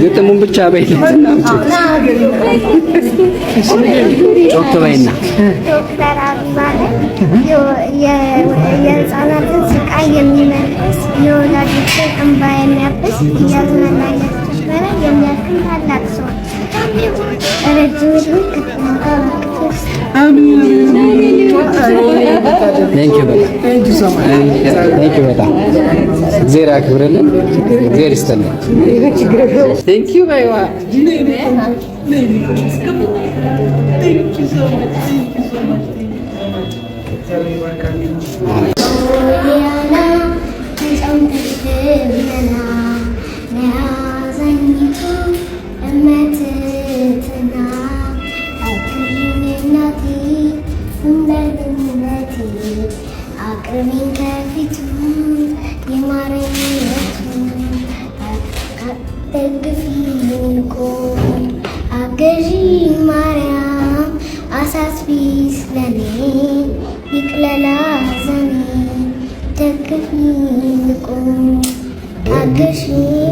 ግጥሙን ብቻ በይት ጮክ በይና የህፃናትን ስቃይ የሚመልስ የወላጆችን እንባ የሚያብስ እያዝናና ታላቅ ሰው ረጅም Amin. ቴንክ ዩ በጣም ቴንክ ዩ በጣም እግዚአብሔር ያክብርልን፣ እግዚአብሔር ይስጥልን። ቴንክ ዩ ባይዋ ቴንክ ዩ አቅርቢኝ ከፊቱ ይማረኝ ደግፊኝ ቆይ አገዢኝ ማርያም አሳስቢኝ ስለኔ ይቅለላ ሐዘኔ ደግፊኝ ቆይ አገዢኝ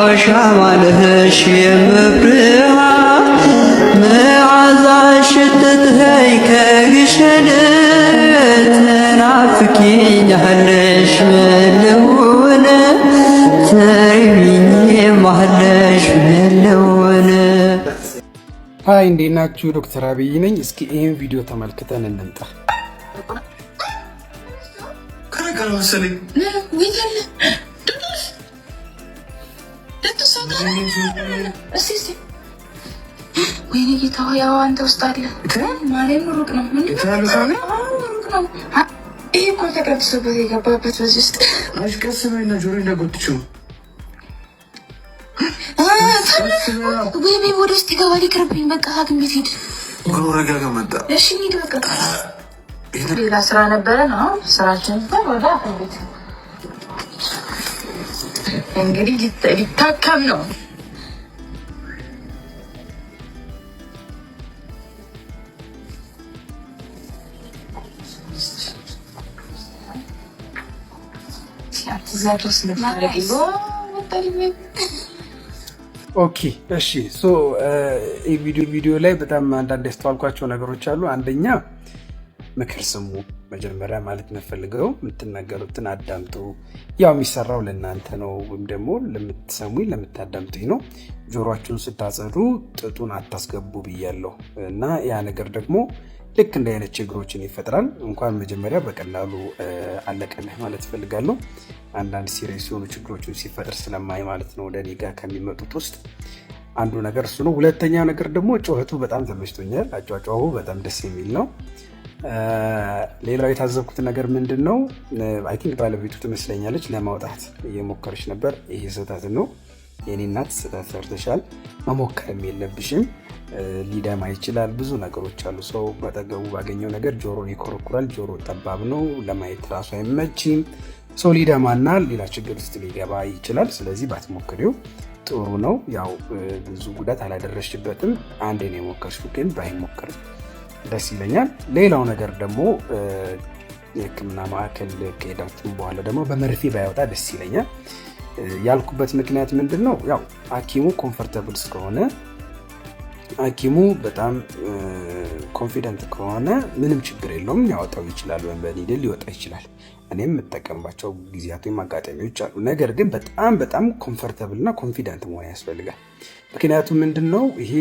ማስታወሻ ማልህሽ የመብርሃን መዓዛ ሽትትኸይ ከግሸን ትናፍቂኛለሽ መለውን ትሪብኝ ማለሽ መለውን ሀይ እንዴት ናችሁ? ዶክተር አብይ ነኝ። እስኪ ይህን ቪዲዮ ተመልክተን እንምጣ። ወይኔ ጌታ ያው አንተ ውስጥ አለ ማርያም ሩቅ ነው ሩቅ ነው። ይሄ እኮ ተቀድሶበት የገባበት በዚህ ውስጥ ቀስ በይና ጆሮ እንዳጎትችው ወይኔ ወደ ውስጥ ይገባል። ይቅርብኝ በቃ ሐኪም ቤት ሂድ። ረጋጋ መጣ። እሺ ሂድ በቃ ሌላ ስራ ነበረን። አሁን ስራችን ወደ ሐኪም ቤት እንግዲህ ሊታከም ነው። ኦኬ እሺ። ቪዲዮ ላይ በጣም አንዳንድ ያስተዋልኳቸው ነገሮች አሉ። አንደኛ ምክር ስሙ። መጀመሪያ ማለት የምፈልገው የምትናገሩትን አዳምጡ። ያው የሚሰራው ለእናንተ ነው፣ ወይም ደግሞ ለምትሰሙኝ ለምታዳምጡኝ ነው። ጆሮችሁን ስታጸዱ ጥጡን አታስገቡ ብያለሁ እና ያ ነገር ደግሞ ልክ እንደ አይነት ችግሮችን ይፈጥራል። እንኳን መጀመሪያ በቀላሉ አለቀልህ ማለት እፈልጋለሁ። አንዳንድ ሲሪየስ ሲሆኑ ችግሮችን ሲፈጥር ስለማይ ማለት ነው ወደ እኔ ከሚመጡት ውስጥ አንዱ ነገር እሱ ነው። ሁለተኛው ነገር ደግሞ ጩኸቱ በጣም ተመችቶኛል። አጫጫሁ በጣም ደስ የሚል ነው። ሌላው የታዘብኩት ነገር ምንድን ነው? አይ ቲንክ ባለቤቱ ትመስለኛለች ለማውጣት እየሞከረች ነበር። ይሄ ስህተት ነው። የኔ እናት ስህተት ሰርተሻል፣ መሞከርም የለብሽም ሊደማ ይችላል። ብዙ ነገሮች አሉ። ሰው በጠገቡ ባገኘው ነገር ጆሮን ይኮረኩራል። ጆሮ ጠባብ ነው፣ ለማየት ራሱ አይመችም። ሰው ሊደማና ሌላ ችግር ውስጥ ሊገባ ይችላል። ስለዚህ ባትሞክሪው ጥሩ ነው። ያው ብዙ ጉዳት አላደረሽበትም። አንድ ነው የሞከርሽው፣ ግን ባይሞከርም ደስ ይለኛል። ሌላው ነገር ደግሞ የህክምና ማዕከል ከሄዳችሁም በኋላ ደግሞ በመርፌ ባይወጣ ደስ ይለኛል። ያልኩበት ምክንያት ምንድን ነው? ያው ሐኪሙ ኮምፈርተብል ስለሆነ ሐኪሙ በጣም ኮንፊደንት ከሆነ ምንም ችግር የለውም ሊያወጣው ይችላል፣ ወይም በኒድል ሊወጣ ይችላል። እኔም የምጠቀምባቸው ጊዜያት ወይም አጋጣሚዎች አሉ። ነገር ግን በጣም በጣም ኮምፈርተብል እና ኮንፊደንት መሆን ያስፈልጋል። ምክንያቱም ምንድን ነው ይሄ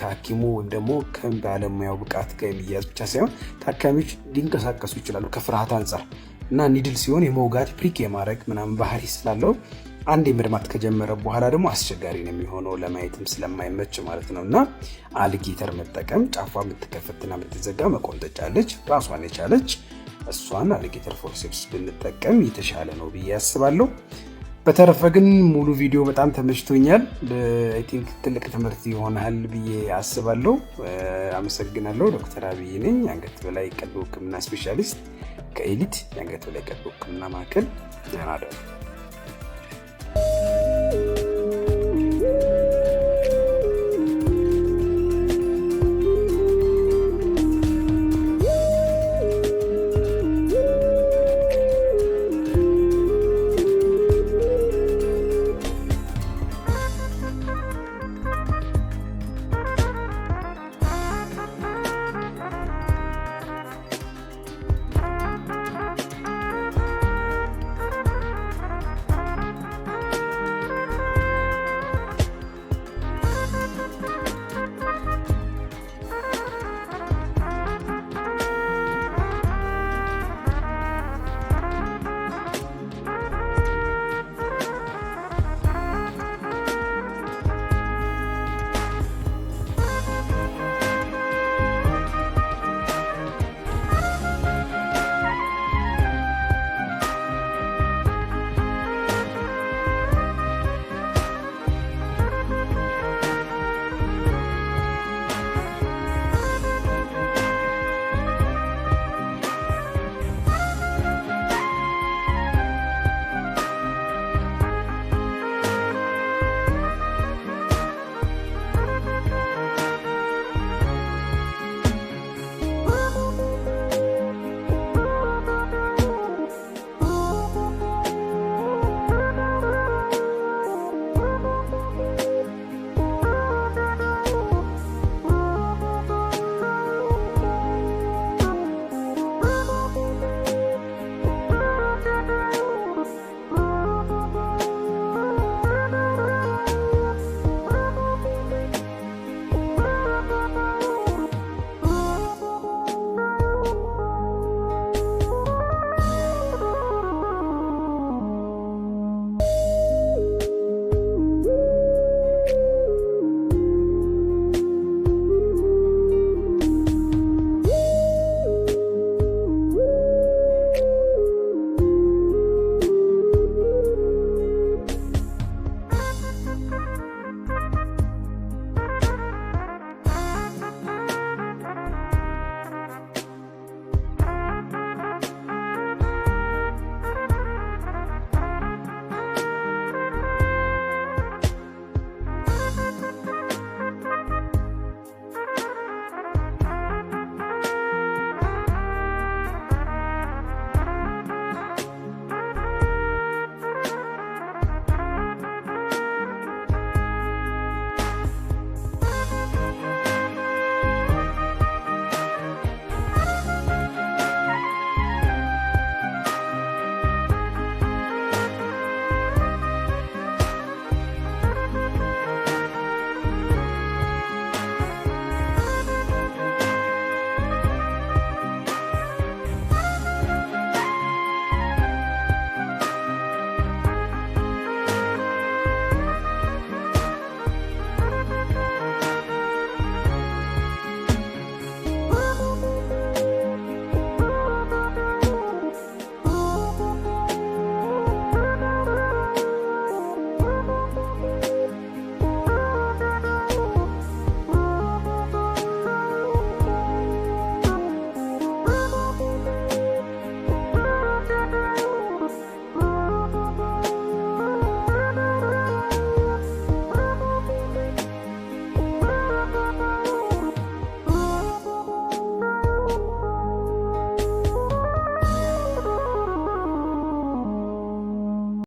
ከሐኪሙ ወይም ደግሞ ከባለሙያው ብቃት ጋር የሚያዝ ብቻ ሳይሆን ታካሚዎች ሊንቀሳቀሱ ይችላሉ ከፍርሃት አንጻር እና ኒድል ሲሆን የመውጋት ፕሪክ የማድረግ ምናምን ባህሪ ስላለው አንድ መድማት ከጀመረ በኋላ ደግሞ አስቸጋሪ ነው የሚሆነው ለማየትም ስለማይመች ማለት ነው። እና አልጌተር መጠቀም ጫፏ የምትከፈትና የምትዘጋ መቆንጠጫ አለች፣ ራሷን የቻለች እሷን አልጌተር ፎርሴፕስ ብንጠቀም የተሻለ ነው ብዬ ያስባለሁ። በተረፈ ግን ሙሉ ቪዲዮ በጣም ተመችቶኛል። አይ ቲንክ ትልቅ ትምህርት ይሆናል ብዬ አስባለሁ። አመሰግናለሁ። ዶክተር አብይ ነኝ፣ አንገት በላይ ቀዶ ሕክምና ስፔሻሊስት ከኤሊት የአንገት በላይ ቀዶ ሕክምና ማዕከል ናደ